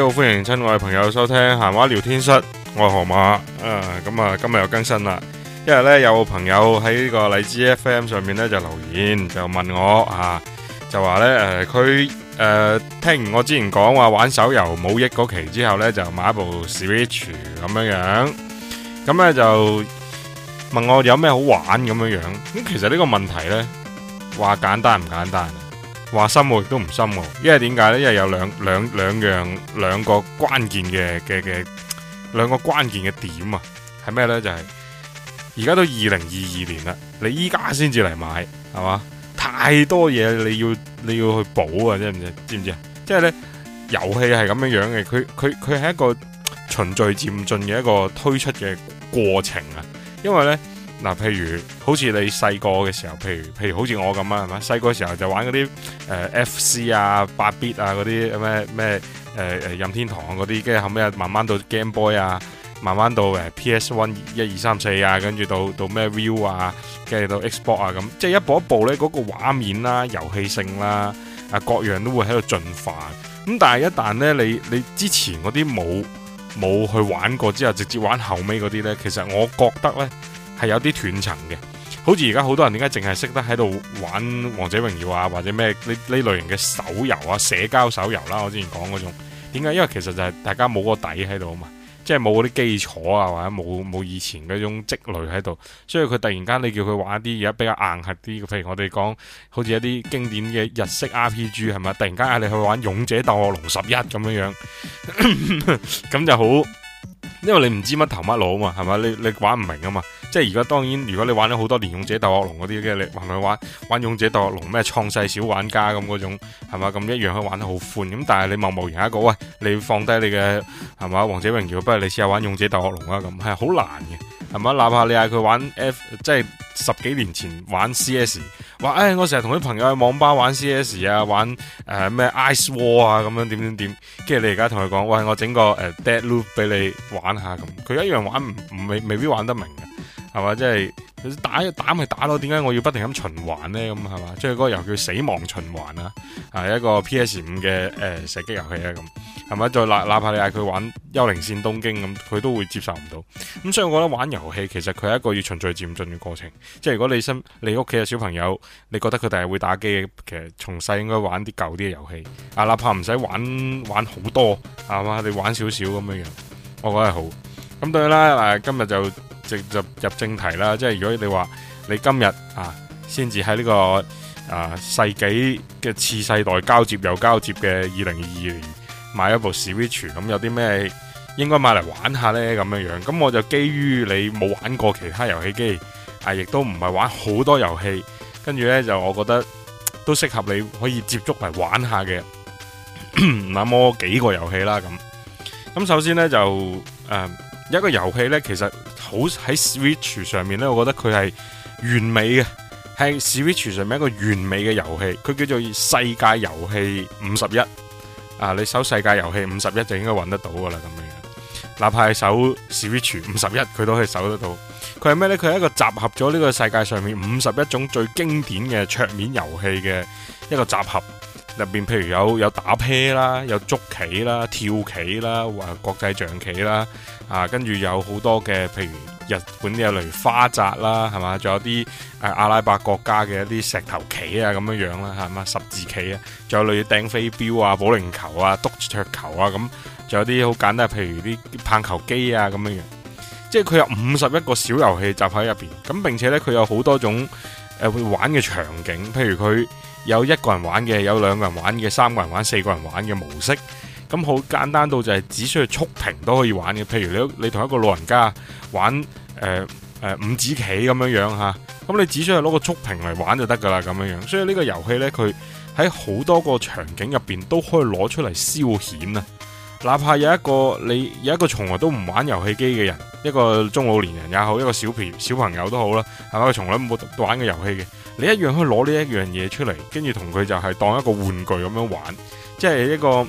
好，歡迎親愛朋友收聽閒話聊天室，我係河馬啊，咁、呃、啊今日又更新啦，因為咧有朋友喺呢個荔枝 FM 上面咧就留言，就問我啊，就話咧誒，佢、呃、誒聽我之前講話玩手遊冇益嗰期之後咧就買一部 Switch 咁樣樣，咁咧就問我有咩好玩咁樣樣，咁其實呢個問題咧話簡單唔簡單話深我亦都唔深我，因為點解呢？因為有兩兩兩樣兩個關鍵嘅嘅嘅兩個關鍵嘅點啊，係咩呢？就係而家都二零二二年啦，你依家先至嚟買係嘛？太多嘢你要你要去補啊，知唔知？知唔知啊？即係呢，遊戲係咁樣樣嘅，佢佢佢係一個循序漸進嘅一個推出嘅過程啊，因為呢。嗱，譬如好似你細個嘅時候，譬如譬如好似我咁啊，係嘛？細個時候就玩嗰啲誒 F.C. 啊、八 bit 啊嗰啲咩咩誒誒任天堂嗰啲，跟住後尾慢慢到 Game Boy 啊，慢慢到誒 P.S. one 一二三四啊，跟住到到咩 View 啊，跟住到 Xbox 啊咁，即係一步一步咧，嗰個畫面啦、啊、遊戲性啦啊各樣都會喺度進化。咁但係一旦咧你你之前嗰啲冇冇去玩過之後，直接玩後尾嗰啲咧，其實我覺得咧。係有啲斷層嘅，好似而家好多人點解淨係識得喺度玩王者榮耀啊，或者咩呢呢類型嘅手遊啊、社交手遊啦、啊，我之前講嗰種點解？因為其實就係大家冇個底喺度啊嘛，即係冇嗰啲基礎啊，或者冇冇以前嗰種積累喺度，所以佢突然間你叫佢玩啲而家比較硬核啲嘅，譬如我哋講好似一啲經典嘅日式 RPG 係咪？突然間嗌你去玩勇者鬥惡龍十一咁樣樣，咁 就好。因為你唔知乜頭乜腦啊嘛，係咪？你你玩唔明啊嘛，即係而家當然，如果你玩咗好多年勇者鬥惡龍嗰啲嘅，你係咪玩玩勇者鬥惡龍咩？創世小玩家咁嗰種，係嘛？咁一樣可以玩得好歡咁，但係你貿貿然一個喂，你放低你嘅係嘛？王者榮耀，不如你試下玩勇者鬥惡龍啦咁，係好難嘅。係嘛？哪怕你嗌佢玩 F，即係十幾年前玩 CS，話誒、哎，我成日同啲朋友去網吧玩 CS 啊，玩誒咩、呃、Ice War 啊，咁樣點點點。怎樣怎樣，跟住你而家同佢講，喂，我整個誒 Dead Loop 俾你玩下，咁佢一樣玩唔未未，未必玩得明嘅，係嘛？即係打打咪打咯，點解我要不停咁循環咧？咁係嘛？即係嗰個遊戲叫死亡循環啊，係一個 PS 五嘅誒射擊遊戲啊咁。係咪？再那哪怕你嗌佢玩《幽靈線東京》咁，佢都會接受唔到。咁所以，我覺得玩遊戲其實佢係一個要循序漸進嘅過程。即係如果你新你屋企嘅小朋友，你覺得佢哋係會打機嘅，其實從細應該玩啲舊啲嘅遊戲。啊，哪怕唔使玩玩好多，係嘛？你玩少少咁樣樣，我覺得係好咁。對啦，嗱、啊，今日就直入正題啦。即係如果你話你今日啊，先至喺呢個啊世紀嘅次世代交接又交接嘅二零二二年。買一部 Switch 咁有啲咩應該買嚟玩下呢？咁樣樣，咁我就基於你冇玩過其他遊戲機，啊亦都唔係玩好多遊戲，跟住呢，就我覺得都適合你可以接觸嚟玩下嘅， 那麼幾個遊戲啦咁。咁首先呢，就誒、呃、一個遊戲呢，其實好喺 Switch 上面呢，我覺得佢係完美嘅，喺 Switch 上面一個完美嘅遊戲，佢叫做《世界遊戲五十一》。啊！你搜世界遊戲五十一就應該揾得到㗎喇，咁樣，哪怕係搜 Switch 五十一佢都可以搜得到。佢係咩呢？佢係一個集合咗呢個世界上面五十一種最經典嘅桌面遊戲嘅一個集合。入邊譬如，有有打啤啦、有捉棋啦、跳棋啦、或、呃、國際象棋啦，啊，跟住有好多嘅譬如。日本嘅例如花札啦，係嘛？仲有啲誒、啊、阿拉伯國家嘅一啲石頭棋啊，咁樣樣啦，係嘛？十字棋啊，仲有類似掟飛鏢啊、保齡球啊、篤桌球啊咁，仲、嗯、有啲好簡單，譬如啲棒球機啊咁樣樣。即係佢有五十一個小遊戲集喺入邊，咁並且呢，佢有好多種誒會、呃、玩嘅場景，譬如佢有一個人玩嘅，有兩個人玩嘅，三個人玩，四個人玩嘅模式。咁好簡單到就係只需要觸屏都可以玩嘅。譬如你你同一個老人家玩誒誒、呃呃、五子棋咁樣樣嚇，咁你只需要攞個觸屏嚟玩就得㗎喇，咁樣樣。所以呢個遊戲呢，佢喺好多個場景入邊都可以攞出嚟消遣啊。哪怕有一個你有一個從來都唔玩遊戲機嘅人，一個中老年人也好，一個小小朋友都好啦，係嘛？從來冇玩嘅遊戲嘅，你一樣可以攞呢一樣嘢出嚟，跟住同佢就係當一個玩具咁樣玩，即係一個。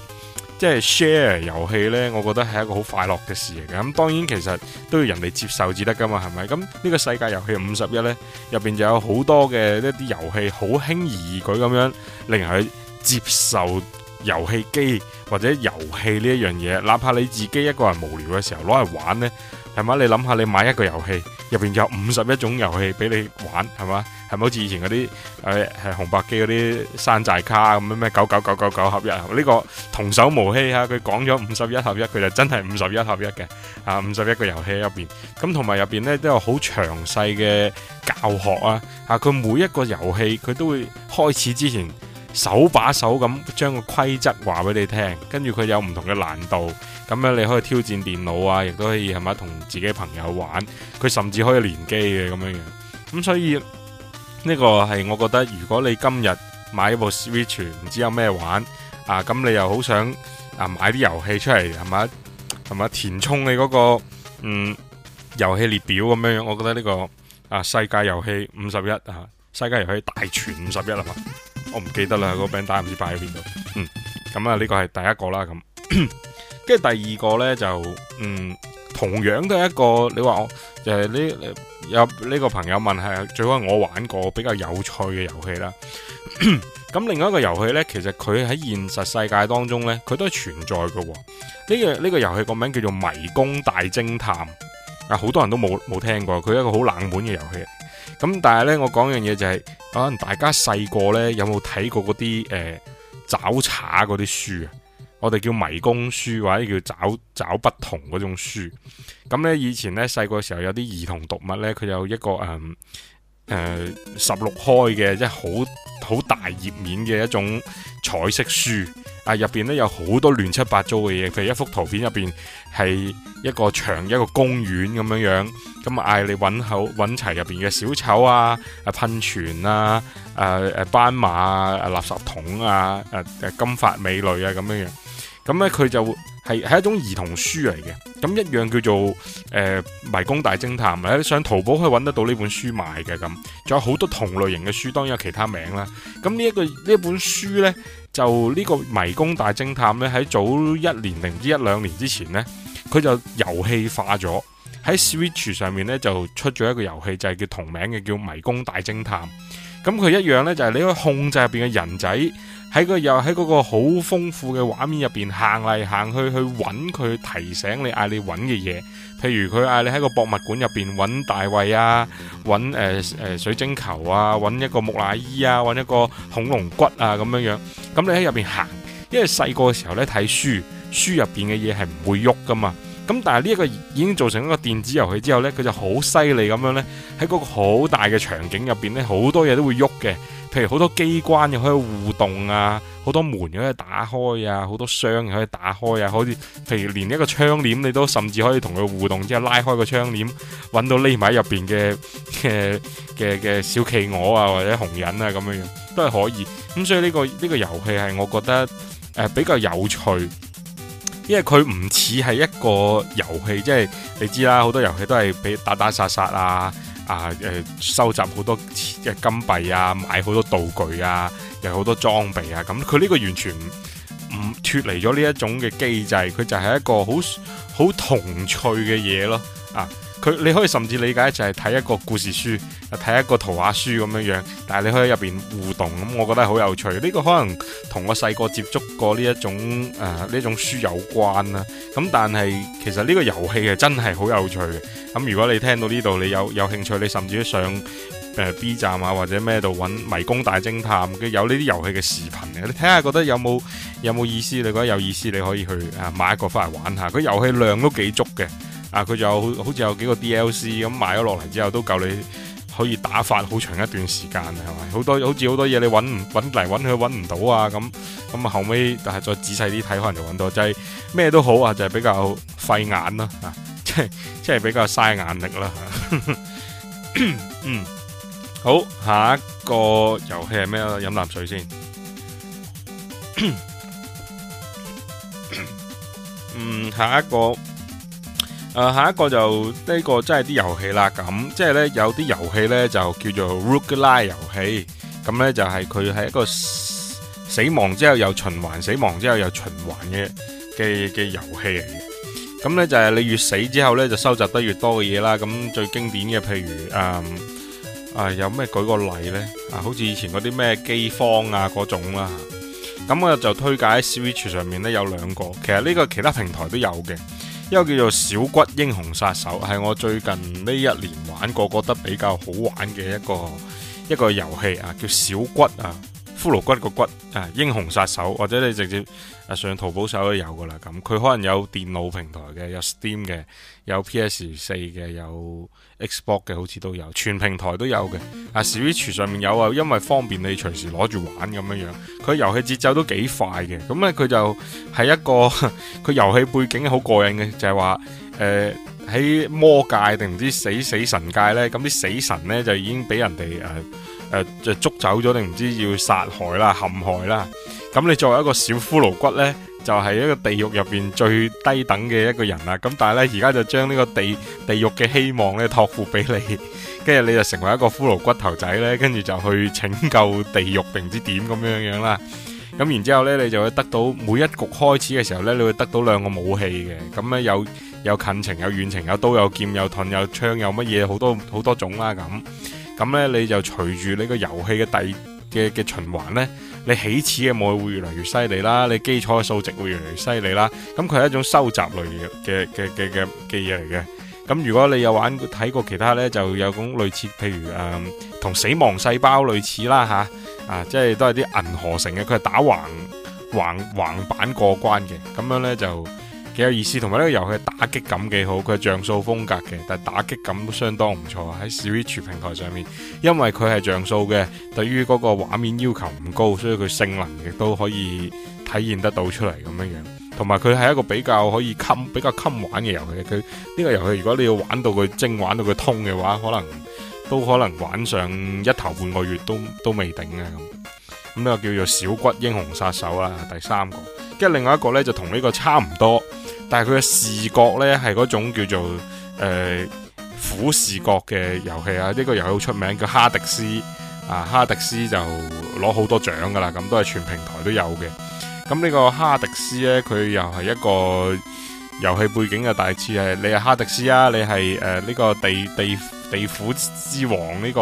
即係 share 遊戲呢，我覺得係一個好快樂嘅事嚟嘅。咁當然其實都要人哋接受至得㗎嘛，係咪？咁呢個世界遊戲五十一呢，入邊就有好多嘅一啲遊戲，好輕而易舉咁樣令人去接受遊戲機或者遊戲呢一樣嘢。哪怕你自己一個人無聊嘅時候攞嚟玩呢，係嘛？你諗下，你買一個遊戲入邊有五十一種遊戲俾你玩，係嘛？係咪好似以前嗰啲誒，係、哎、紅白機嗰啲山寨卡咁咩咩九九九九九合一？呢、呢個童叟無欺吓，佢講咗五十一合一，佢就真係五十一合一嘅啊！五十一個遊戲入邊咁，同埋入邊咧都有好詳細嘅教學啊！啊，佢每一個遊戲佢都會開始之前手把手咁將個規則話俾你聽，跟住佢有唔同嘅難度，咁樣你可以挑戰電腦啊，亦都可以係咪同自己朋友玩？佢甚至可以連機嘅咁樣樣咁、嗯，所以。呢個係我覺得，如果你今日買、啊啊、買一部 Switch，唔知有咩玩啊，咁你又好想啊買啲遊戲出嚟，係咪？係咪？填充你嗰、嗰個嗯遊戲列表咁樣樣。我覺得呢、呢個啊世界遊戲五十一啊，世界遊戲、啊、大全五十一啊嘛，我唔記得啦，嗰個餅打唔知擺喺邊度。嗯，咁啊呢個係第一個啦，咁、啊，跟住 第二個呢，就嗯。同樣都係一個，你話我就係、是、呢有呢、呢個朋友問係最好我玩過比較有趣嘅遊戲啦。咁 另外一個遊戲呢，其實佢喺現實世界當中呢，佢都係存在嘅、哦。呢、呢個呢、呢個遊戲個名叫做《迷宮大偵探》，啊好多人都冇冇聽過，佢係一個好冷門嘅遊戲。咁但係呢，我講一樣嘢就係、是、可能大家細個呢，有冇睇過嗰啲誒找茬嗰啲書啊？我哋叫迷宮書，或者叫找找不同嗰種書，咁咧以前咧細個時候有啲兒童讀物咧，佢有一個誒。嗯誒，十六、呃、開嘅即係好好大頁面嘅一種彩色書啊，入邊咧有好多亂七八糟嘅嘢，譬如一幅圖片入邊係一個長一個公園咁樣樣，咁啊嗌你揾，好揾齊入邊嘅小丑啊、啊噴泉啊、誒誒斑馬啊、垃圾桶啊、誒、啊、金髮美女啊咁樣樣，咁咧佢就。係係一種兒童書嚟嘅，咁一樣叫做誒、呃、迷宮大偵探啦，喺上淘寶可以揾得到呢本書賣嘅，咁，仲有好多同類型嘅書，當然有其他名啦。咁呢一個呢本書呢，就呢個迷宮大偵探呢，喺早一年定唔知一兩年之前呢，佢就遊戲化咗喺 Switch 上面呢，就出咗一個遊戲，就係、是、叫同名嘅叫迷宮大偵探。咁佢一樣呢，就係、是、你可以控制入邊嘅人仔。喺個又喺個好豐富嘅畫面入邊行嚟行去去揾佢，提醒你嗌你揾嘅嘢，譬如佢嗌你喺個博物館入邊揾大衛啊，揾誒誒水晶球啊，揾一個木乃伊啊，揾一個恐龍骨啊，咁樣樣。咁你喺入邊行，因為細個嘅時候呢，睇書，書入邊嘅嘢係唔會喐㗎嘛。咁但係呢一個已經做成一個電子遊戲之後呢，佢就好犀利咁樣呢，喺嗰個好大嘅場景入邊呢，好多嘢都會喐嘅，譬如好多機關可以互動啊，好多門可以打開啊，好多箱可以打開啊，好似譬如連一個窗簾你都甚至可以同佢互動，之後拉開個窗簾揾到匿埋入邊嘅嘅嘅小企鵝啊或者紅人啊咁樣樣都係可以。咁所以呢個呢個遊戲係我覺得、呃、比較有趣。因為佢唔似係一個遊戲，即係你知啦，好多遊戲都係俾打打殺殺啊，啊，誒、呃，收集好多嘅金幣啊，買好多道具啊，又有好多裝備啊，咁佢呢個完全唔脫離咗呢一種嘅機制，佢就係一個好好童趣嘅嘢咯，啊！佢你可以甚至理解就係睇一個故事書，睇一個圖畫書咁樣樣，但係你可以喺入邊互動，咁我覺得好有趣。呢個可能同我細個接觸過呢一種誒呢種書有關啦。咁但係其實呢個遊戲係真係好有趣。咁如果你聽到呢度，你有有興趣，你甚至上誒 B 站啊或者咩度揾《迷宮大偵探》嘅有呢啲遊戲嘅視頻嘅，你睇下覺得有冇有冇意思？你覺得有意思，你可以去啊買一個翻嚟玩下。佢遊戲量都幾足嘅。啊！佢就好似有幾個 DLC 咁買咗落嚟之後都夠你可以打發好長一段時間係咪？好多好似好多嘢，你搵搵嚟搵去搵唔到啊，咁咁，啊後尾但係再仔細啲睇可能就搵到，就係咩都好啊，就係、是、比較費眼啦啊，即係即係比較嘥眼力啦、啊、 嗯，好，下一個遊戲係咩啊飲啖水先 嗯，下一個。誒，下一個就呢個即係啲遊戲啦，咁即係呢，有啲遊戲呢就叫做 roguelike 遊戲，咁呢，就係佢係一個死亡之後又循環，死亡之後又循環嘅嘅嘅遊戲嚟嘅。咁呢，就係你越死之後呢，就收集得越多嘅嘢啦。咁最經典嘅譬如誒誒有咩？舉個例呢？啊，啊好似以前嗰啲咩飢荒啊嗰種啦。咁我就推介喺 Switch 上面呢，有兩個，其實呢個其他平台都有嘅。一個叫做《小骨英雄殺手》，係我最近呢一年玩過覺得比較好玩嘅一個一個遊戲啊，叫《小骨》啊。骷髏骨個骨，誒、啊，英雄殺手，或者你直接、啊、上淘寶搜都有噶啦。咁佢可能有電腦平台嘅，有 Steam 嘅，有 PS 四嘅，有 Xbox 嘅，好似都有，全平台都有嘅。啊，Switch 上面有啊，因為方便你隨時攞住玩咁樣樣。佢遊戲節奏都幾快嘅，咁咧佢就係一個佢遊戲背景好過癮嘅，就係話誒喺魔界定唔知死死神界呢。咁啲死神呢，就已經俾人哋誒。呃誒，就、呃、捉走咗定唔知要殺害啦、陷害啦，咁你作為一個小骷髏骨呢，就係、是、一個地獄入邊最低等嘅一個人啦。咁但係呢，而家就將呢個地地獄嘅希望呢託付俾你，跟住你就成為一個骷髏骨頭仔呢，跟住就去拯救地獄定唔知點咁樣樣啦。咁然之後咧，你就會得到每一局開始嘅時候呢，你會得到兩個武器嘅，咁呢，有有近程、有遠程、有刀、有劍、有盾、有槍、有乜嘢好多好多種啦咁。咁咧，你就隨住你個遊戲嘅第嘅嘅循環咧，你起始嘅武器會越嚟越犀利啦，你基礎嘅數值會越嚟越犀利啦。咁佢係一種收集類嘅嘅嘅嘅嘅嘢嚟嘅。咁如果你有玩睇過，過其他咧，就有種類似譬如誒同、嗯、死亡細胞類似啦嚇啊，啊，即係都係啲銀河城嘅，佢係打橫橫橫，橫板過關嘅咁樣咧就。幾有意思，同埋呢個遊戲打擊感幾好，佢係像素風格嘅，但係打擊感都相當唔錯，喺 Switch 平台上面。因為佢係像素嘅，對於嗰個畫面要求唔高，所以佢性能亦都可以體現得到出嚟咁樣樣。同埋佢係一個比較可以襟比較襟玩嘅遊戲。佢呢、呢個遊戲如果你要玩到佢精，玩到佢通嘅話，可能都可能玩上一頭半個月都都未頂啊咁。咁又、呢個、叫做小骨英雄殺手啦，第三個。跟住另外一個呢，就同呢個差唔多。但係佢嘅視覺呢，係嗰種叫做誒俯視角嘅遊戲啊。呢個遊戲好出名，叫《哈迪斯》啊，《哈迪斯》就攞好多獎噶啦。咁都係全平台都有嘅。咁呢個《哈迪斯》呢，佢又係一個遊戲背景嘅大致係你係哈迪斯啊，你係誒呢個地地地府之王呢個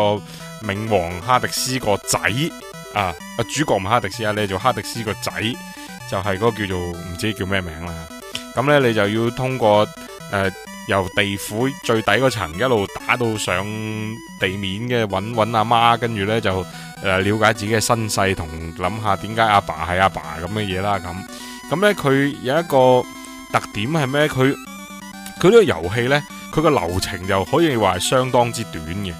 冥王哈迪斯個仔啊，啊。主角唔係哈迪斯啊，你做哈迪斯個仔，就係嗰個叫做唔知叫咩名啦。咁咧，你就要通過誒、呃，由地府最底嗰層一路打到上地面嘅，搵搵阿媽，跟住咧就誒、呃、了解自己嘅身世，同諗下點解阿爸係阿爸咁嘅嘢啦。咁咁咧，佢有一個特點係咩？佢佢呢個遊戲咧，佢個流程就可以話係相當之短嘅。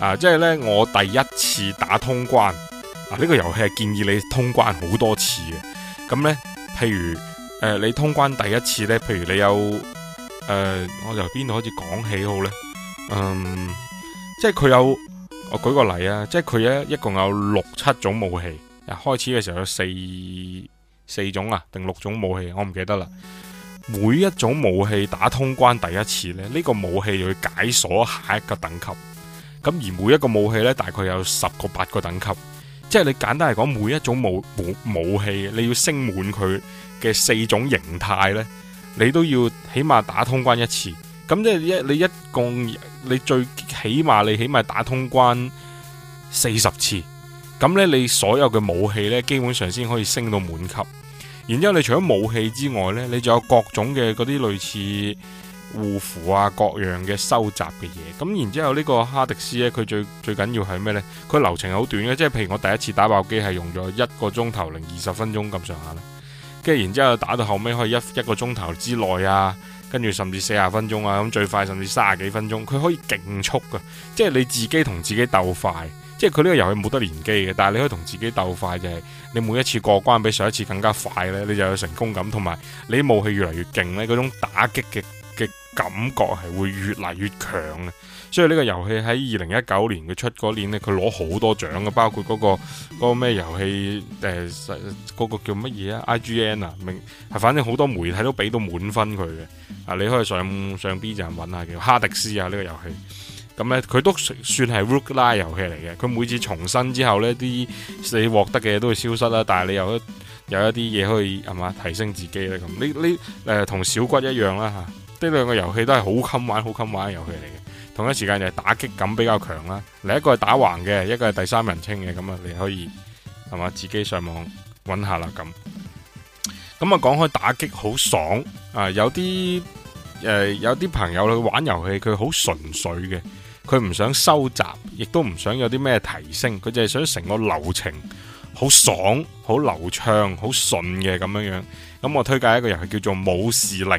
啊，即係咧，我第一次打通關啊，呢個遊戲係建議你通關好多次嘅。咁咧，譬如。誒、呃，你通關第一次呢？譬如你有誒、呃，我由邊度開始講起好呢？嗯，即係佢有，我舉個例啊，即係佢一，一共有六七種武器。啊，開始嘅時候有四四種啊，定六種武器，我唔記得啦。每一種武器打通關第一次呢，呢、呢個武器就會解鎖下一個等級。咁而每一個武器呢，大概有十個八個等級。即係你簡單嚟講，每一種武武，武器，你要升滿佢嘅四種形態呢，你都要起碼打通關一次。咁即係一你，你一共，你最起碼你起碼打通關四十次，咁呢，你所有嘅武器呢，基本上先可以升到滿級。然之後，你除咗武器之外呢，你仲有各種嘅嗰啲類似。護符啊，各樣嘅收集嘅嘢咁，然之後呢個哈迪斯咧，佢最最緊要係咩呢？佢流程好短嘅，即係譬如我第一次打爆機係用咗一個鐘頭零二十分鐘咁上下啦，跟住然之後打到後尾可以一一個鐘頭之內啊，跟住甚至四十分鐘啊，咁最快甚至三十幾分鐘，佢可以勁速噶，即係你自己同自己鬥快，即係佢呢個遊戲冇得連機嘅，但係你可以同自己鬥快，就係你每一次過關比上一次更加快呢，你就有成功感，同埋你武器越嚟越勁呢，嗰種打擊嘅。感覺係會越嚟越強嘅，所以呢個遊戲喺二零一九年佢出嗰年呢，佢攞好多獎嘅，包括嗰、嗰個、嗰個咩遊戲誒，嗰、呃嗰個叫乜嘢啊？I G N 啊，明係反正好多媒體都俾到滿分佢嘅啊。你可以上上 B 站搵下叫哈迪斯啊、這個》啊，呢個遊戲咁呢，佢都算係 Roguelike 遊戲嚟嘅。佢每次重生之後呢啲你獲得嘅嘢都會消失啦，但係你有一有一啲嘢可以係嘛、嗯、提升自己咧。咁呢呢誒同小骨一樣啦吓。啊呢兩個遊戲都係好襟玩、好襟玩嘅遊戲嚟嘅。同一時間就係打擊感比較強啦。另一個係打橫嘅，一個係第三人稱嘅，咁啊你可以係嘛自己上網揾下啦。咁咁啊講開打擊好爽啊、呃！有啲誒、呃、有啲朋友去玩遊戲，佢好純粹嘅，佢唔想收集，亦都唔想有啲咩提升，佢就係想成個流程好爽、好流暢、好順嘅咁樣樣。咁我推介一個遊戲叫做《武士零》。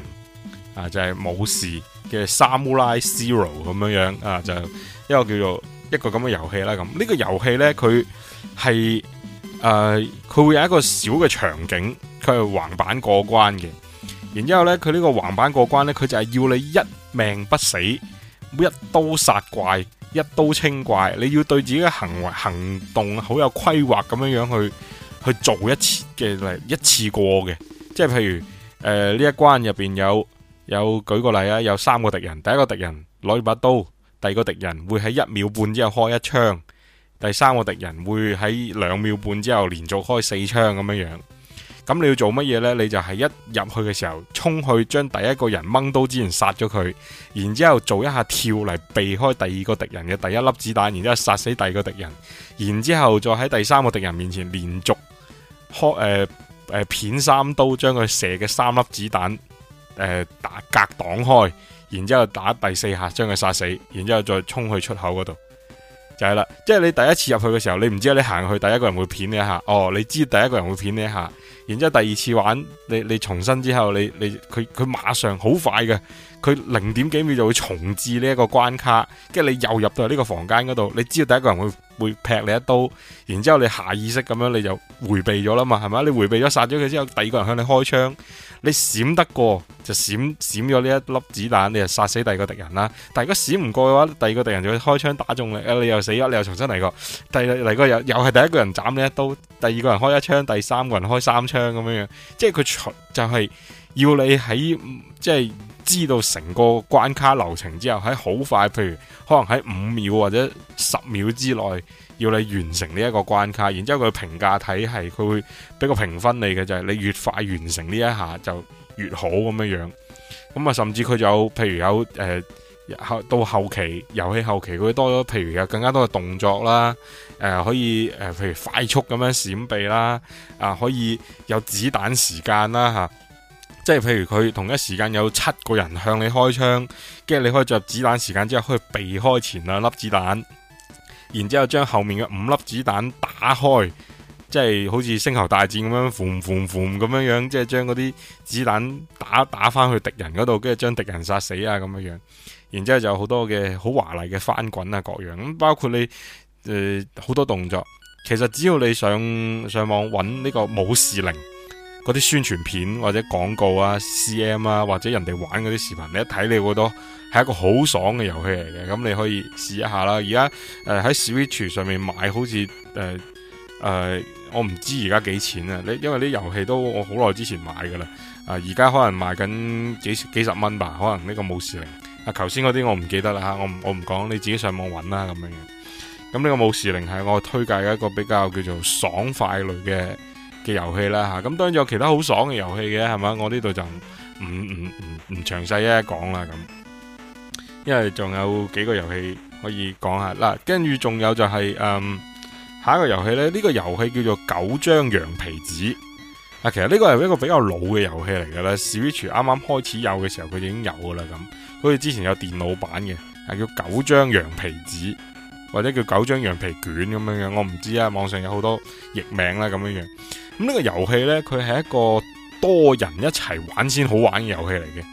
啊，就係、是、武士嘅 Sam《Samurai Zero》咁樣樣啊，就是、一個叫做一個咁嘅遊戲啦。咁呢、這個遊戲呢，佢係誒佢會有一個小嘅場景，佢係橫版過關嘅。然之後呢，佢呢個橫版過關呢，佢就係要你一命不死，每一刀殺怪，一刀清怪。你要對自己嘅行為行動好有規劃咁樣樣去去做一次嘅嚟一次過嘅。即係譬如誒呢、呃、一關入邊有。有舉個例啊，有三個敵人，第一個敵人攞住把刀，第二個敵人會喺一秒半之後開一槍，第三個敵人會喺兩秒半之後連續開四槍咁樣樣。咁你要做乜嘢呢？你就係一入去嘅時候衝去將第一個人掹刀之前殺咗佢，然之後做一下跳嚟，避開第二個敵人嘅第一粒子彈，然之後殺死第二個敵人，然之後再喺第三個敵人面前連續開誒誒片三刀將三，將佢射嘅三粒子彈。誒，打格擋開，然之後打第四下將佢殺死，然之後再沖去出口嗰度，就係啦。即係你第一次入去嘅時候，你唔知道你行去，第一個人會片你一下。哦，你知第一個人會片你一下，然之後第二次玩，你你重生之後，你你佢佢馬上好快㗎。佢零點幾秒就會重置呢一個關卡，跟住你又入到呢個房間嗰度，你知道第一個人會會劈你一刀，然之後你下意識咁樣你就回避咗啦嘛，係咪？你回避咗殺咗佢之後，第二個人向你開槍，你閃得過就閃閃咗呢一粒子彈，你就殺死第二個敵人啦。但如果閃唔過嘅話，第二個敵人就會開槍打中你，誒你又死咗，你又重新嚟過，第嚟過又又係第一個人斬你一刀，第二個人開一槍，第三個人開三槍咁樣樣，即係佢就係要你喺即係。知道成個關卡流程之後，喺好快，譬如可能喺五秒或者十秒之內，要你完成呢一個關卡，然之後佢評價體系佢會俾個評分你嘅就係、是、你越快完成呢一下就越好咁樣樣，咁、嗯、啊甚至佢有譬如有誒後、呃、到後期遊戲後期佢多咗，譬如有更加多嘅動作啦，誒、呃、可以誒、呃、譬如快速咁樣閃避啦，啊、呃、可以有子彈時間啦吓。啊即係譬如佢同一時間有七個人向你開槍，跟住你可以進入子彈時間之後可以避開前兩粒子彈，然之後將後面嘅五粒子彈打開，即係好似星球大戰咁樣，防防防咁樣樣，即係將嗰啲子彈打打翻去敵人嗰度，跟住將敵人殺死啊咁樣樣，然之後就有好多嘅好華麗嘅翻滾啊各樣，咁包括你誒好、呃、多動作，其實只要你上上網揾呢個《武士零》。嗰啲宣傳片或者廣告啊、CM 啊，或者人哋玩嗰啲視頻，你一睇你會覺得係一個好爽嘅遊戲嚟嘅，咁你可以試一下啦。而家誒喺、呃、Switch 上面買，好似誒誒，我唔知而家幾錢啊？你因為啲遊戲都我好耐之前買噶啦，啊而家可能賣緊幾，幾十幾十蚊吧，可能呢個武士零。啊，頭先嗰啲我唔記得啦，我唔我唔講，你自己上網揾啦咁樣樣。咁呢個武士零係我推介一個比較叫做爽快類嘅。嘅遊戲啦，吓、啊、咁當然有其他好爽嘅遊戲嘅，係嘛？我呢度就唔唔唔唔詳細咧講啦，咁、啊、因為仲有幾個遊戲可以講下嗱，跟住仲有就係、是、嗯下一個遊戲呢，呢、這個遊戲叫做九張羊皮紙啊。其實呢個係一個比較老嘅遊戲嚟噶啦，Switch 啱啱開始有嘅時候佢已經有噶啦咁，好似之前有電腦版嘅，係、啊、叫九張羊皮紙或者叫九張羊皮卷咁樣樣，我唔知啊。網上有好多譯名啦，咁樣樣。咁呢個遊戲呢，佢係一個多人一齊玩先好玩嘅遊戲嚟嘅，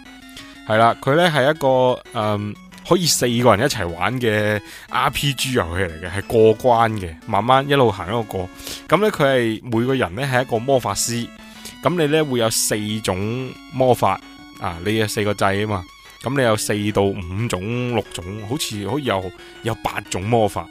係啦，佢呢係一個嗯、呃、可以四個人一齊玩嘅 RPG 遊戲嚟嘅，係過關嘅，慢慢一路行一路過。咁、嗯、呢，佢係每個人呢係一個魔法師，咁你呢會有四種魔法啊，你有四個掣啊嘛，咁你有四到五種、六種，好似可以有有八種魔法。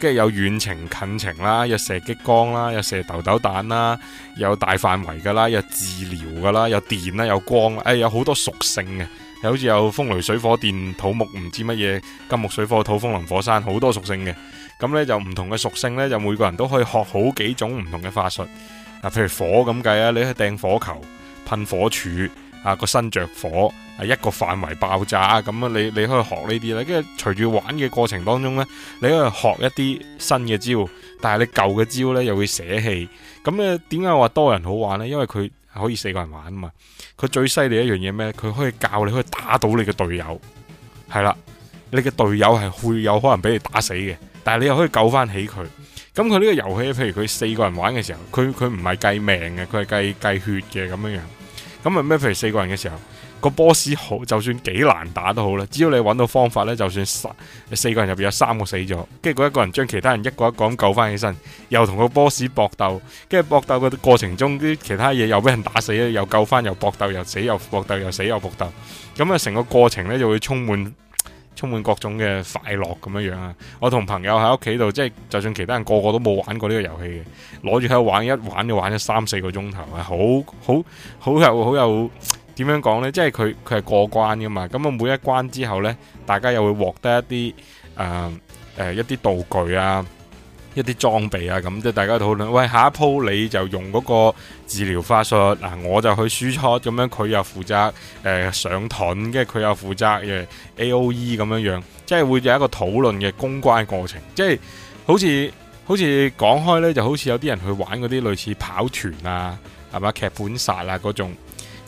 跟住有遠程近程啦，有射激光啦，有射豆豆彈啦，有大範圍噶啦，有治療噶啦，有電啦，有光，哎，有好多屬性嘅，好似有風雷水火電土木，唔知乜嘢金木水火土風林火山，好多屬性嘅，咁呢，就唔同嘅屬性呢，就每個人都可以學好幾種唔同嘅法術，啊，譬如火咁計啊，你去掟火球、噴火柱啊，個身着火。一個範圍爆炸咁啊！你你可以學呢啲啦，跟住隨住玩嘅過程當中呢，你可以學一啲新嘅招，但係你舊嘅招呢又會捨棄。咁咧點解話多人好玩呢？因為佢可以四個人玩啊嘛！佢最犀利一樣嘢咩？佢可以教你可以打到你嘅隊友，係啦，你嘅隊友係會有可能俾你打死嘅，但係你又可以救翻起佢。咁佢呢個遊戲，譬如佢四個人玩嘅時候，佢佢唔係計命嘅，佢係計計血嘅咁樣樣。咁啊咩？譬如四個人嘅時候。個 boss 好，就算幾難打都好啦。只要你揾到方法呢，就算四個人入邊有三個死咗，跟住嗰一個人將其他人一個一個咁救翻起身，又同個 boss 搏鬥，跟住搏鬥嘅過程中啲其他嘢又俾人打死又救翻，又搏鬥，又死，又搏鬥，又死，又搏鬥。咁啊，成個過程呢，就會充滿充滿各種嘅快樂咁樣樣啊！我同朋友喺屋企度，即係就算其他人個個都冇玩過呢個遊戲嘅，攞住喺度玩，一玩就玩咗三四個鐘頭啊！好好好有好有。好有好有點樣講呢？即係佢佢係過關噶嘛？咁啊，每一關之後呢，大家又會獲得一啲誒誒一啲道具啊，一啲裝備啊，咁即係大家討論。喂，下一鋪你就用嗰個治療法術，嗱、啊、我就去輸出，咁樣佢又負責誒、呃、上盾，跟住佢又負責嘅 A O E 咁樣樣，即係會有一個討論嘅公關過程。即係好似好似講開呢，就好似有啲人去玩嗰啲類似跑團啊，係嘛劇本殺啊，嗰種。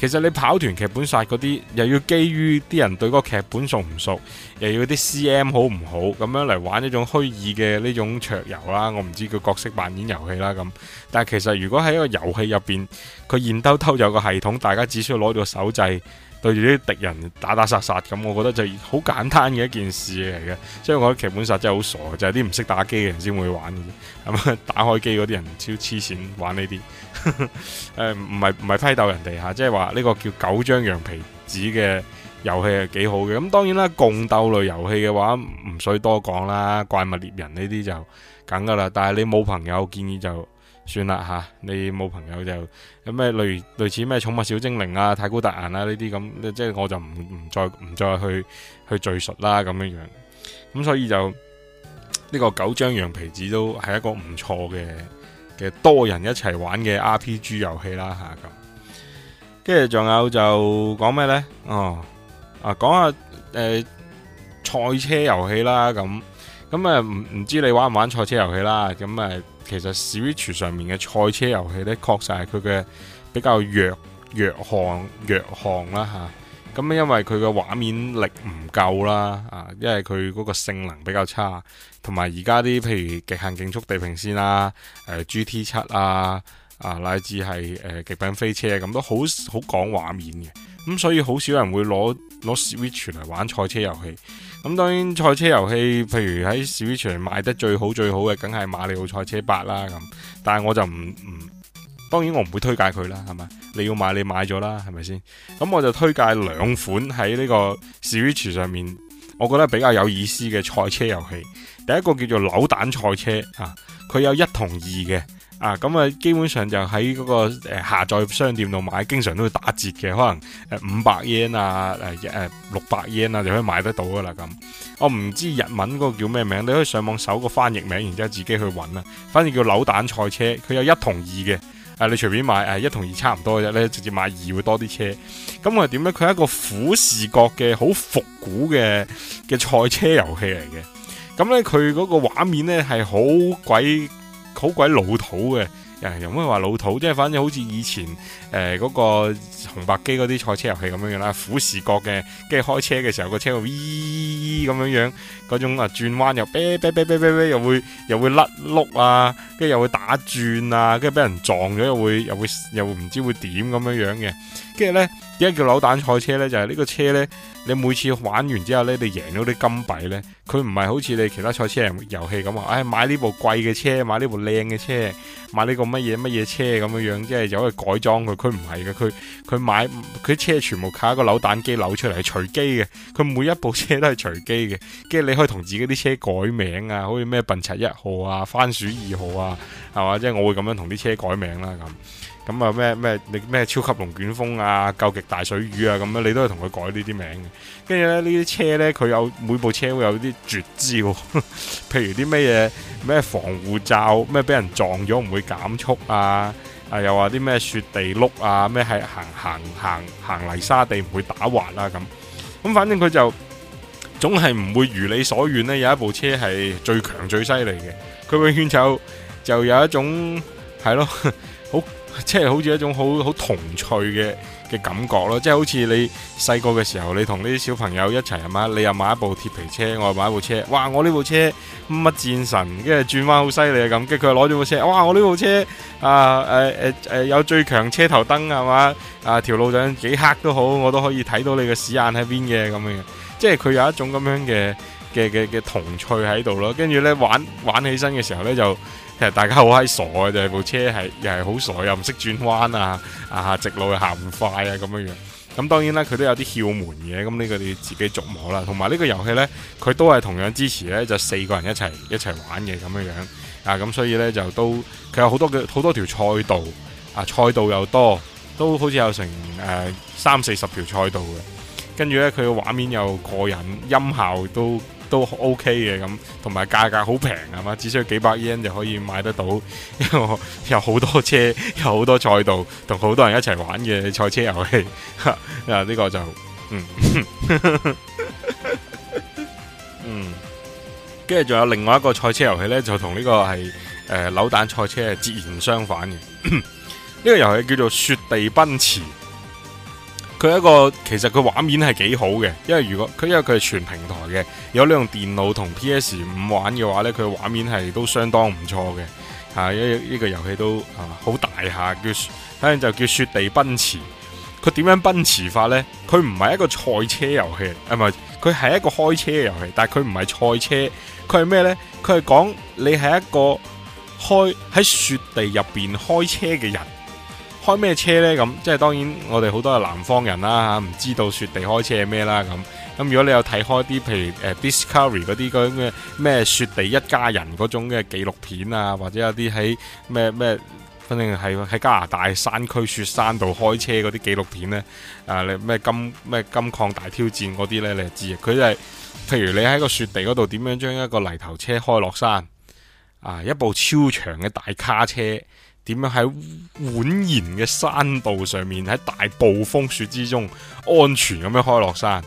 其實你跑團劇本殺嗰啲，又要基於啲人對嗰個劇本熟唔熟，又要啲 CM 好唔好，咁樣嚟玩一種虛擬嘅呢種桌遊啦，我唔知叫角色扮演遊戲啦咁。但係其實如果喺一個遊戲入邊，佢現兜偷有個系統，大家只需要攞住手掣，對住啲敵人打打殺殺咁，我覺得就好簡單嘅一件事嚟嘅。所以我覺得劇本殺真係好傻，就係啲唔識打機嘅人先會玩嘅。咁打開機嗰啲人超黐線玩呢啲。誒，唔係唔係批鬥人哋吓，即係話呢個叫九張羊皮紙嘅遊戲係幾好嘅。咁當然啦，共鬥類遊戲嘅話唔需多講啦，怪物獵人呢啲就梗㗎啦。但係你冇朋友，建議就算啦吓，啊。你冇朋友就有咩類類似咩寵物小精靈啊、太鼓達人啊呢啲咁，即係、就是、我就唔唔再唔再去去敘述啦咁樣樣。咁所以就呢、這個九張羊皮紙都係一個唔錯嘅，多人一齊玩嘅 RPG 遊戲啦吓咁，跟住仲有就講咩呢？哦，啊講下誒賽車遊戲啦咁，咁啊唔唔知你玩唔玩賽車遊戲啦？咁、嗯、啊其實 Switch 上面嘅賽車遊戲呢，確實係佢嘅比較弱弱項弱項啦吓。啊咁因為佢個畫面力唔夠啦，啊，因為佢嗰個性能比較差，同埋而家啲譬如極限競速地平線啦、誒、呃、GT 七啊、啊乃至係誒極品飛車咁都好好講畫面嘅，咁所以好少人會攞攞 Switch 嚟玩賽車遊戲。咁當然賽車遊戲，譬如喺 Switch 嚟賣得最好最好嘅，梗係馬里奧賽車八啦咁，但係我就唔唔。當然我唔會推介佢啦，係咪？你要買你買咗啦，係咪先？咁我就推介兩款喺呢個 Switch 上面，我覺得比較有意思嘅賽車遊戲。第一個叫做扭蛋賽車啊，佢有一同二嘅啊。咁啊，基本上就喺嗰、嗰個、呃、下載商店度買，經常都會打折嘅，可能誒五百 yen 啊誒誒六百 yen 啊，你、呃呃啊、可以買得到噶啦。咁我唔知日文嗰個叫咩名，你可以上網搜個翻譯名，然之後自己去揾啦。反正叫扭蛋賽車，佢有一同二嘅。啊！你隨便買，誒、啊、一同二差唔多嘅啫咧，直接買二會多啲車。咁係點咧？佢係一個俯視角嘅好復古嘅嘅賽車遊戲嚟嘅。咁咧，佢嗰個畫面咧係好鬼好鬼老土嘅。又唔係話老土，即係反正好似以前誒嗰、呃嗰個紅白機嗰啲賽車遊戲咁樣樣啦，俯視角嘅，跟住開車嘅時候個車會咦咁樣樣，嗰種啊轉彎又啤啤啤又會又會甩碌啊，跟住又會打轉啊，跟住俾人撞咗又會又會又唔知會點咁樣樣嘅。跟住呢，點解叫扭蛋賽車呢，就係、是、呢個車呢。你每次玩完之後呢，你贏咗啲金幣呢，佢唔係好似你其他賽車遊戲咁話，唉、哎，買呢部貴嘅車，買呢部靚嘅車，買呢個乜嘢乜嘢車咁樣樣，即係就可以改裝佢。佢唔係嘅，佢佢買佢啲車全部靠一個扭蛋機扭出嚟，係隨機嘅。佢每一部車都係隨機嘅。跟住你可以同自己啲車改名啊，好似咩笨賊一號啊、番薯二號啊，係嘛？即、就、係、是、我會咁樣同啲車改名啦、啊、咁。咁啊！咩咩你咩超級龍捲風啊，究極大水魚啊，咁樣你都係同佢改呢啲名。跟住咧，呢啲車咧，佢有每部車會有啲絕招、啊呵呵，譬如啲咩嘢咩防護罩，咩俾人撞咗唔會減速啊，啊又話啲咩雪地碌啊，咩係行行行行泥沙地唔會打滑啊。咁咁，反正佢就總係唔會如你所願咧。有一部車係最強最犀利嘅，佢永遠就就有一種係咯。即係好似一種好好童趣嘅嘅感覺咯，即係好似你細個嘅時候，你同呢啲小朋友一齊係嘛，你又買一部鐵皮車，我又買一部車，哇！我呢部車乜戰神，跟住轉彎好犀利啊咁，跟住佢又攞咗部車，哇！我呢部車啊誒誒誒有最強車頭燈係嘛，啊條、啊啊啊啊啊啊啊啊、路上幾黑都好，我都可以睇到你嘅屎眼喺邊嘅咁樣嘅，即係佢有一種咁樣嘅嘅嘅嘅童趣喺度咯，跟住咧玩玩起身嘅時候咧就。其實大家好嗨傻嘅，就係部車係又係好傻，又唔識轉彎啊，啊，直路行唔快啊，咁樣樣。咁當然啦，佢都有啲竅門嘅，咁呢個你自己琢磨啦。同埋呢個遊戲呢，佢都係同樣支持呢，就四個人一齊一齊玩嘅咁樣樣。啊，咁所以呢，就都佢有好多嘅好多條賽道，啊，賽道又多，都好似有成誒三四十條賽道嘅。跟住呢，佢個畫面又過癮，音效都。都 OK 嘅，咁，同埋價格好平啊嘛，只需要幾百 yen 就可以買得到。因為有好多車，有好多賽道，同好多人一齊玩嘅賽車遊戲。 啊，呢、這個就嗯嗯，跟住仲有另外一個賽車遊戲呢，就同呢個係誒、呃、扭蛋賽車係截然相反嘅。呢、 這個遊戲叫做雪地奔馳。佢一個其實佢畫面係幾好嘅，因為如果佢因為佢係全平台嘅，如果你用電腦同 PS5 玩嘅話咧，佢畫面係都相當唔錯嘅。吓、啊，一呢個遊戲都啊好大下，叫反正就叫雪地奔馳。佢點樣奔馳法咧？佢唔係一個賽車遊戲，啊唔係，佢係一個開車嘅遊戲，但係佢唔係賽車，佢係咩咧？佢係講你係一個開喺雪地入邊開車嘅人。開咩車呢？咁即係當然，我哋好多係南方人啦，啊、唔知道雪地開車係咩啦咁。咁、啊、如果你有睇開啲，譬如、呃、Discovery 嗰啲嗰咩雪地一家人嗰種嘅紀錄片啊，或者有啲喺咩咩，反正係喺加拿大山區雪山度開車嗰啲紀錄片呢，啊，你咩金咩金礦大挑戰嗰啲呢，你又知佢就係、係、譬如你喺個雪地嗰度，點樣將一個泥頭車開落山啊？一部超長嘅大卡車。點樣喺蜿蜒嘅山道上面，喺大暴風雪之中安全咁樣開落山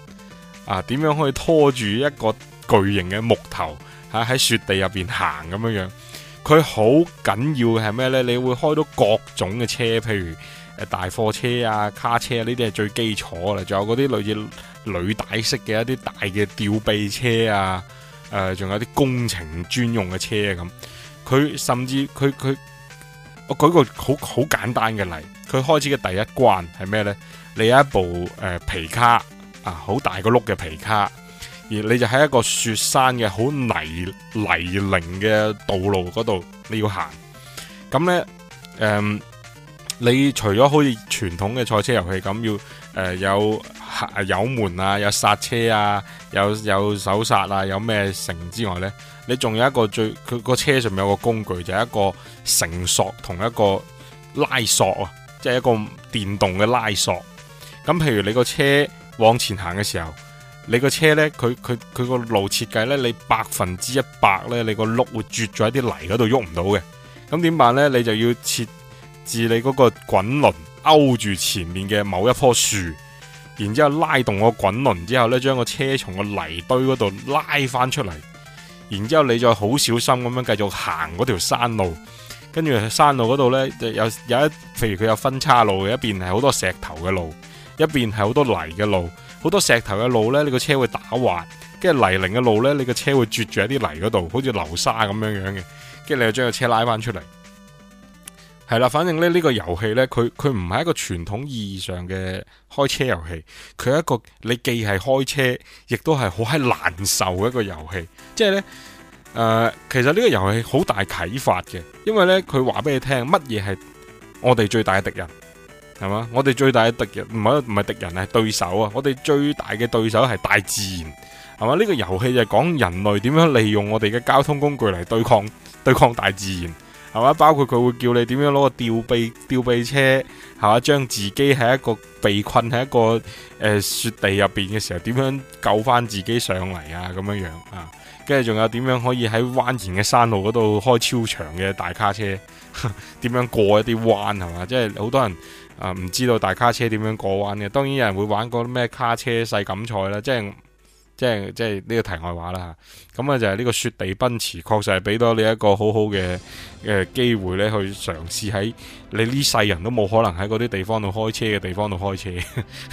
啊？點樣可以拖住一個巨型嘅木頭喺喺、啊、雪地入邊行，咁樣樣？佢好緊要係咩呢？你會開到各種嘅車，譬如大貨車啊、卡車啊呢啲係最基礎噶啦，仲有嗰啲類似履帶式嘅一啲大嘅吊臂車啊，誒、呃、仲有啲工程專用嘅車咁。佢甚至佢佢。我舉個好好簡單嘅例，佢開始嘅第一關係咩呢？你有一部誒、呃、皮卡啊，好大個碌嘅皮卡，而你就喺一個雪山嘅好泥泥濘嘅道路嗰度，你要行。咁呢，誒、嗯，你除咗好似傳統嘅賽車遊戲咁要誒、呃、有油門啊，有剎車啊，有有手剎啊，有咩繩之外呢。你仲有一個最佢個車上面有個工具，就係一個繩索同一個拉索啊，即係一個電動嘅拉索。咁譬如你個車往前行嘅時候，你個車呢，佢佢佢個路設計呢，你百分之一百呢，你個轆會絕咗喺啲泥嗰度喐唔到嘅。咁點辦呢？你就要設置你嗰個滾輪勾住前面嘅某一棵樹，然之後拉動個滾輪之後呢，將個車從個泥堆嗰度拉翻出嚟。然之後你再好小心咁樣繼續行嗰條山路，跟住山路嗰度呢，有有一，譬如佢有分叉路嘅，一邊係好多石頭嘅路，一邊係好多泥嘅路，好多石頭嘅路呢，你個車會打滑，跟住泥濘嘅路呢，你個車會絕住喺啲泥嗰度，好似流沙咁樣樣嘅，跟住你又將個車拉翻出嚟。係啦，反正咧呢個遊戲呢，佢佢唔係一個傳統意義上嘅開車遊戲，佢係一個你既係開車，亦都係好閪難受嘅一個遊戲。即係呢，誒、呃，其實呢個遊戲好大啟發嘅，因為呢，佢話俾你聽乜嘢係我哋最大嘅敵人，係嘛？我哋最大嘅敵人唔係唔係敵人係，對手啊，我哋最大嘅對手係大自然，係嘛？呢個遊戲就係講人類點樣利用我哋嘅交通工具嚟，對抗對抗大自然。係嘛？包括佢會叫你點樣攞個吊臂吊臂車，係嘛？將自己喺一個被困喺一個誒、呃、雪地入邊嘅時候，點樣救翻自己上嚟啊？咁樣樣啊？跟住仲有點樣可以喺蜿蜒嘅山路嗰度開超長嘅大卡車，點 樣過一啲彎，係嘛？即係好多人啊唔、呃、知道大卡車點樣過彎嘅。當然有人會玩過咩卡車世錦賽啦，即係。即係即係呢、這個題外話啦吓，咁啊就係、是、呢個雪地奔馳，確實係俾到你一個好好嘅誒機會咧，去嘗試喺你呢世人都冇可能喺嗰啲地方度開車嘅地方度開車。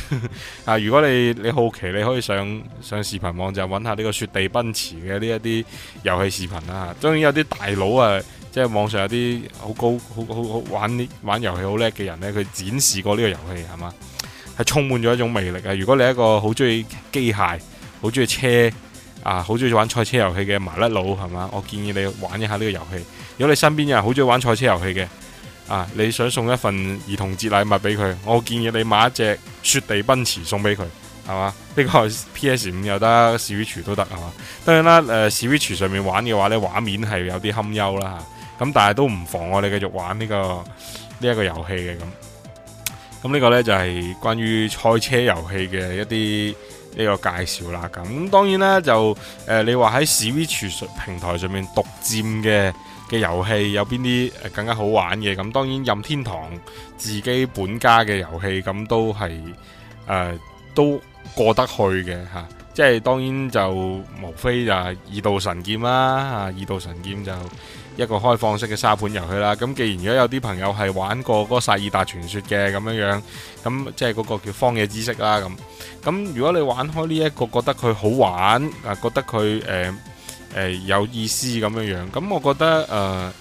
啊，如果你你好奇，你可以上上視頻網站揾下呢個雪地奔馳嘅呢一啲遊戲視頻啦吓、啊。當然有啲大佬啊，即、就、係、是、網上有啲好高好好好玩玩遊戲好叻嘅人咧，佢展示過呢個遊戲係咪，係充滿咗一種魅力啊！如果你一個好中意機械。好中意車啊！好中意玩賽車遊戲嘅麻甩佬係嘛？我建議你玩一下呢個遊戲。如果你身邊有人好中意玩賽車遊戲嘅，啊，你想送一份兒童節禮物俾佢，我建議你買一隻雪地奔馳送俾佢，係嘛？呢、這個 P.S. 五又得，Switch 都得，係嘛？當然啦，誒、呃、，Switch 上面玩嘅話咧，畫面係有啲堪憂啦咁、啊、但係都唔妨我哋繼續玩呢、這個呢一、這個遊戲嘅咁。咁呢個呢，就係、是、關於賽車遊戲嘅一啲。呢個介紹啦，咁當然咧就誒、呃，你話喺 Switch 平台上面獨佔嘅嘅遊戲有邊啲更加好玩嘅？咁當然任天堂自己本家嘅遊戲咁都係誒、呃、都過得去嘅嚇、啊，即係當然就無非就係異度神劍啦、啊、嚇、啊，異度神劍就。一個開放式嘅沙盤遊戲啦，咁既然如果有啲朋友係玩過嗰個《薩爾達傳說》嘅咁樣樣，咁即係嗰個叫荒野之息啦，咁咁如果你玩開呢、這、一個覺得佢好玩啊，覺得佢誒誒有意思咁樣樣，咁我覺得誒誒、呃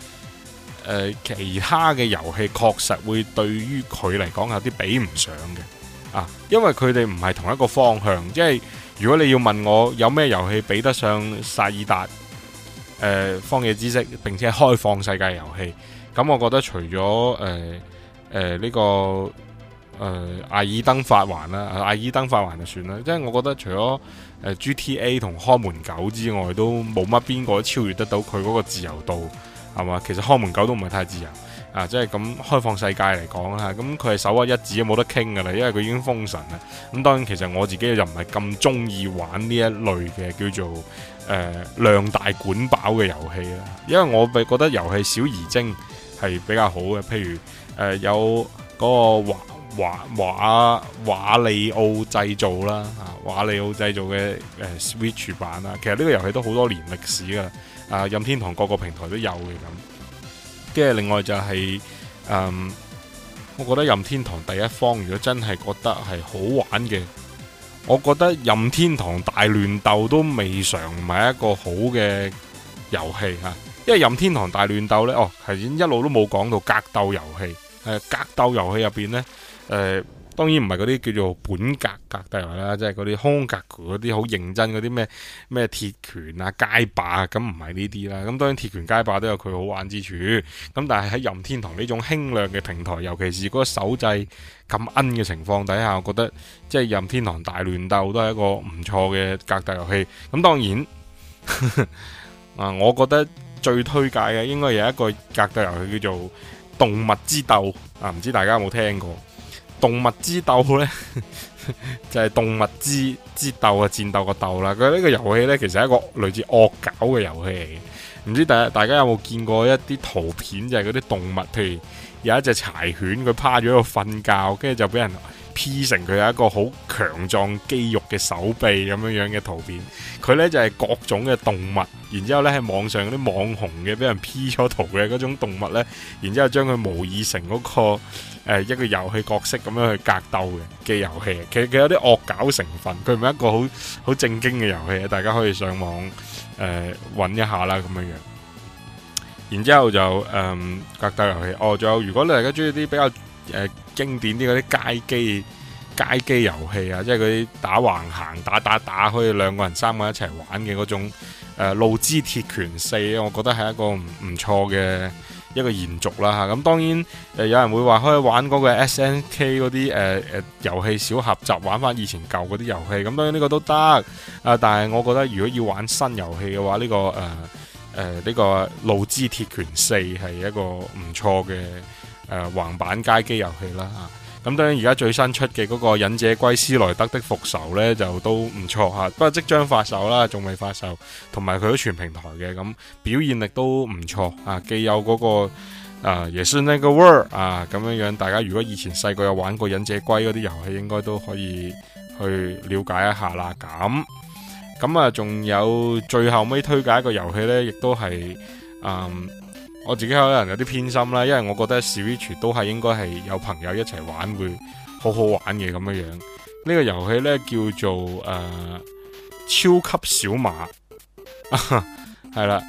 呃、其他嘅遊戲確實會對於佢嚟講有啲比唔上嘅啊，因為佢哋唔係同一個方向，即係如果你要問我有咩遊戲比得上薩爾達？誒，荒野、呃、知識，並且開放世界遊戲，咁我覺得除咗誒誒呢個誒、呃《艾爾登法環》啦、啊，《艾爾登法環》就算啦，即係我覺得除咗誒、呃、GTA 同《看門狗》之外，都冇乜邊個超越得到佢嗰個自由度，係嘛？其實《看門狗》都唔係太自由，啊，即係咁開放世界嚟講吓，咁佢係首屈一指，冇得傾噶啦，因為佢已經封神啦。咁當然，其實我自己又唔係咁中意玩呢一類嘅叫做。誒、呃，量大管飽嘅遊戲啦，因為我咪覺得遊戲小而精係比較好嘅，譬如誒、呃、有嗰個華華華華里奧製造啦，啊華里奧製造嘅誒、呃、Switch 版啦，其實呢個遊戲都好多年歷史噶啦，啊任天堂各個平台都有嘅咁，跟住另外就係、是、誒、嗯，我覺得任天堂第一方如果真係覺得係好玩嘅。我覺得《任天堂大亂鬥》都未嘗唔係一個好嘅遊戲嚇，因為《任天堂大亂鬥》呢，哦，係一路都冇講到格鬥遊戲，誒、呃，格鬥遊戲入邊呢。誒、呃。當然唔係嗰啲叫做本格格鬥遊戲啦，即係嗰啲空格嗰啲好認真嗰啲咩咩鐵拳啊、街霸啊，咁唔係呢啲啦。咁當然鐵拳街霸都有佢好玩之處。咁但係喺任天堂呢種輕量嘅平台，尤其是個手掣咁奀嘅情況底下，我覺得即係任天堂大亂鬥都係一個唔錯嘅格鬥遊戲。咁當然啊， 我覺得最推介嘅應該有一個格鬥遊戲叫做動物之鬥啊，唔知大家有冇聽過？動物之鬥咧， 就係動物之之鬥啊，戰鬥個鬥啦。佢呢個遊戲咧，其實係一個類似惡搞嘅遊戲嚟嘅。唔知大大家有冇見過一啲圖片，就係嗰啲動物，譬如有一隻柴犬，佢趴咗喺度瞓覺，跟住就俾人。P 成佢有一個好強壯肌肉嘅手臂咁樣樣嘅圖片，佢呢就係、是、各種嘅動物，然之後呢喺網上啲網紅嘅，俾人 P 咗圖嘅嗰種動物呢，然之後將佢模擬成嗰、那個誒、呃、一個遊戲角色咁樣去格鬥嘅嘅遊戲，其實佢有啲惡搞成分，佢唔係一個好好正經嘅遊戲，大家可以上網揾、呃、一下啦咁樣樣。然之後就誒、嗯、格鬥遊戲哦，仲有如果你係家中意啲比較。.誒，經典啲嗰啲街機街機遊戲啊，即係佢打橫行、打打打、打可以兩個人、三個人一齊玩嘅嗰種誒《怒之鐵拳四》，我覺得係一個唔錯嘅一個延續啦吓。咁、啊、當然誒，有人會話可以玩嗰個 SNK 嗰啲誒誒遊戲小合集，玩翻以前舊嗰啲遊戲。咁當然呢個都得啊，但係我覺得如果要玩新遊戲嘅話，呢個誒誒呢個《怒之鐵拳四》係一個唔錯嘅。誒、呃、橫版街機遊戲啦嚇，咁當然而家最新出嘅嗰個忍者龜斯萊德的復仇呢，就都唔錯嚇、啊，不過即將發售啦，仲未發售，同埋佢都全平台嘅，咁、啊、表現力都唔錯啊，既有嗰、那個啊，也算一個 word 啊咁樣樣，大家如果以前細個有玩過忍者龜嗰啲遊戲，應該都可以去了解一下啦。咁咁啊，仲有最後尾推介一個遊戲呢，亦都係嗯。啊我自己可能有啲偏心啦，因為我覺得 Switch 都係應該係有朋友一齊玩會好好玩嘅咁樣樣。呢、這個遊戲呢，叫做誒、呃、超級小馬，係 啦，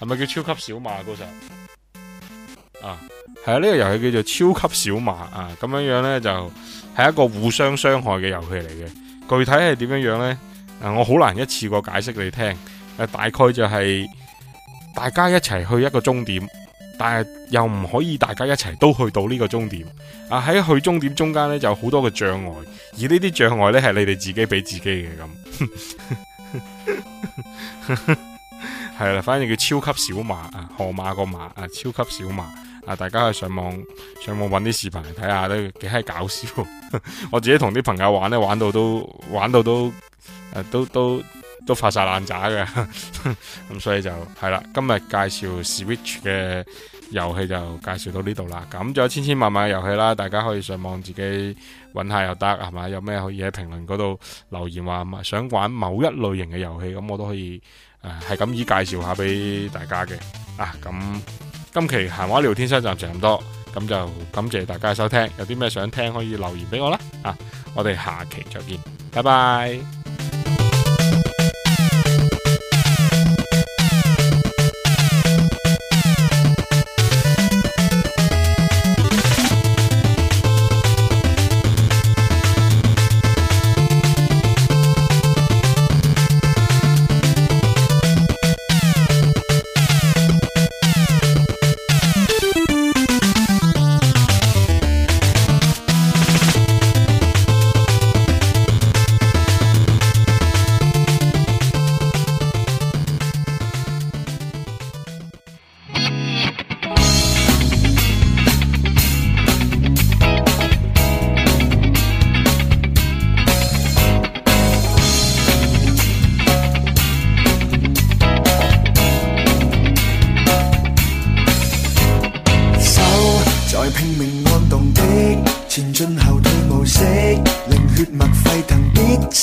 係咪叫超級小馬嗰隻啊？係啊，呢、這個遊戲叫做超級小馬啊，咁樣樣呢就係、是、一個互相傷害嘅遊戲嚟嘅。具體係點樣樣呢？呃、我好難一次過解釋你聽、呃，大概就係、是。大家一齊去一個終點，但係又唔可以大家一齊都去到呢個終點。啊，喺去終點中間呢，就有好多嘅障礙，而呢啲障礙呢，係你哋自己俾自己嘅咁。係啦， 反正叫超級小馬啊，河馬個馬啊，超級小馬啊，大家去上網上網揾啲視頻嚟睇下咧，幾係搞笑啊。我自己同啲朋友玩呢，玩到都玩到都都啊、都、都都發晒爛渣嘅，咁所以就係啦。今日介紹 Switch 嘅遊戲就介紹到呢度啦。咁仲有千千萬萬嘅遊戲啦，大家可以上網自己揾下又得，係嘛？有咩可以喺評論嗰度留言話想玩某一類型嘅遊戲，咁我都可以誒係咁意介紹下俾大家嘅。啊，咁今期閒話聊天室暫時就咁多，咁就感謝大家收聽。有啲咩想聽可以留言俾我啦。啊，我哋下期再見，拜拜。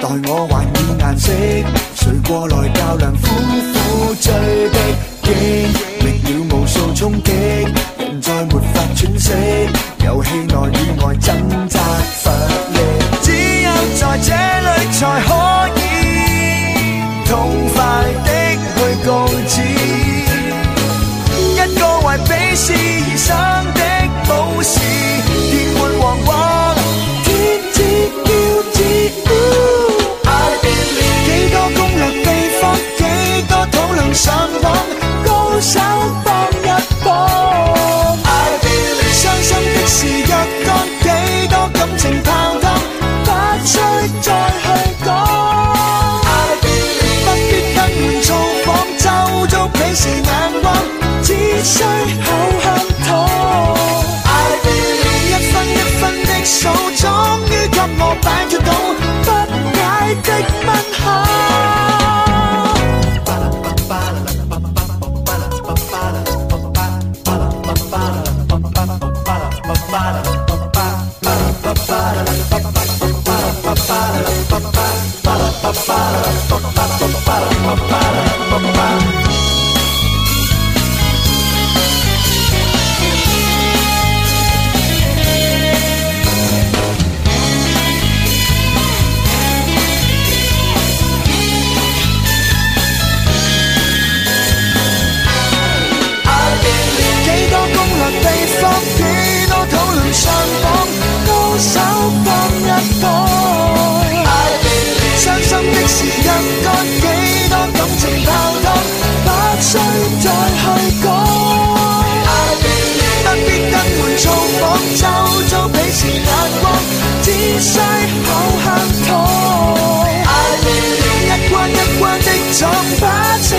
待我還以顏色，誰過來較量苦苦追逼，經歷 Yeah, yeah, 了無數衝擊，人再沒法喘息。遊戲內與外掙扎乏力，只有在這裏才。上網高手幫一幫。傷心 believe 的事若干，幾多感情泡湯，不需再去講。I believe it. 不必登門造訪，就遭鄙視眼光，只需口香糖。一分一分的數，終於給我擺脱到。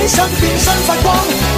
變身，變身發光。